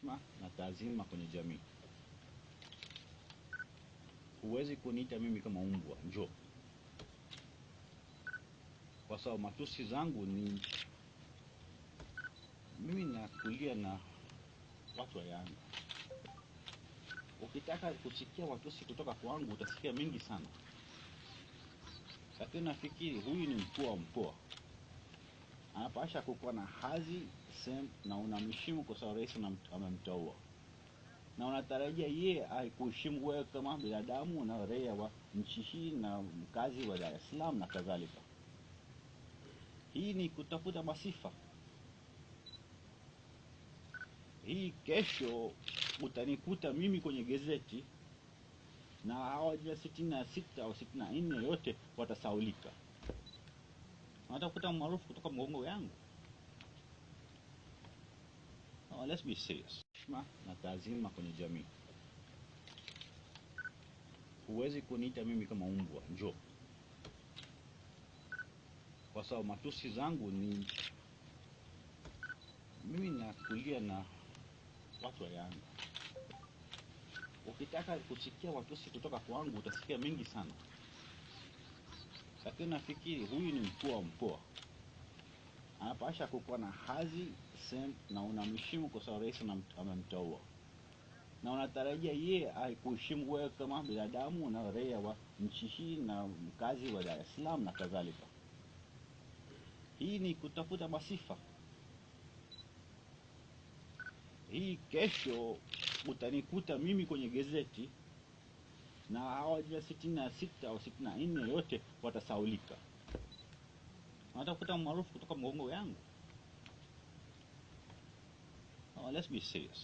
heshima na taazima kwenye jamii. Huwezi kuniita mimi kama umbwa njo kwa sababu matusi zangu ni mimi nakulia na watu wa Yanga. Ukitaka kusikia matusi kutoka kwangu utasikia mengi sana, lakini nafikiri huyu ni mkuu wa mkoa anapasha kukuwa na hazi sem na unamheshimu kwa sababu rais amemteua, na unatarajia yeye aikuheshimu wewe kama binadamu na raia wa nchi hii na mkazi wa Dar es Salaam na kadhalika. Hii ni kutafuta masifa. Hii kesho utanikuta mimi kwenye gazeti na hawa sitini na sita au sitini na nne yote watasaulika. Unatafuta maarufu kutoka mgongo yangu? Oh, let's be serious. Heshima na taazima kwenye jamii. Huwezi kuniita mimi kama umbwa njoo, kwa sababu matusi zangu ni mimi nakulia na watu wa Yanga. Ukitaka kusikia watusi kutoka kwangu utasikia mengi sana. Sasa nafikiri huyu ni mkuu wa mkoa anapasha kukuwa na hazi sem, na unamheshimu kwa sababu rais amemteua, na unatarajia yeye akuheshimu wewe kama binadamu na raia wa nchi hii na mkazi wa Dar es Salaam na kadhalika. Hii ni kutafuta masifa. Hii kesho utanikuta mimi kwenye gazeti na hawa sitini na sita au sitini na nne yote watasaulika. Wanataka kupata kutoka mgongo yangu. Oh, let's be serious.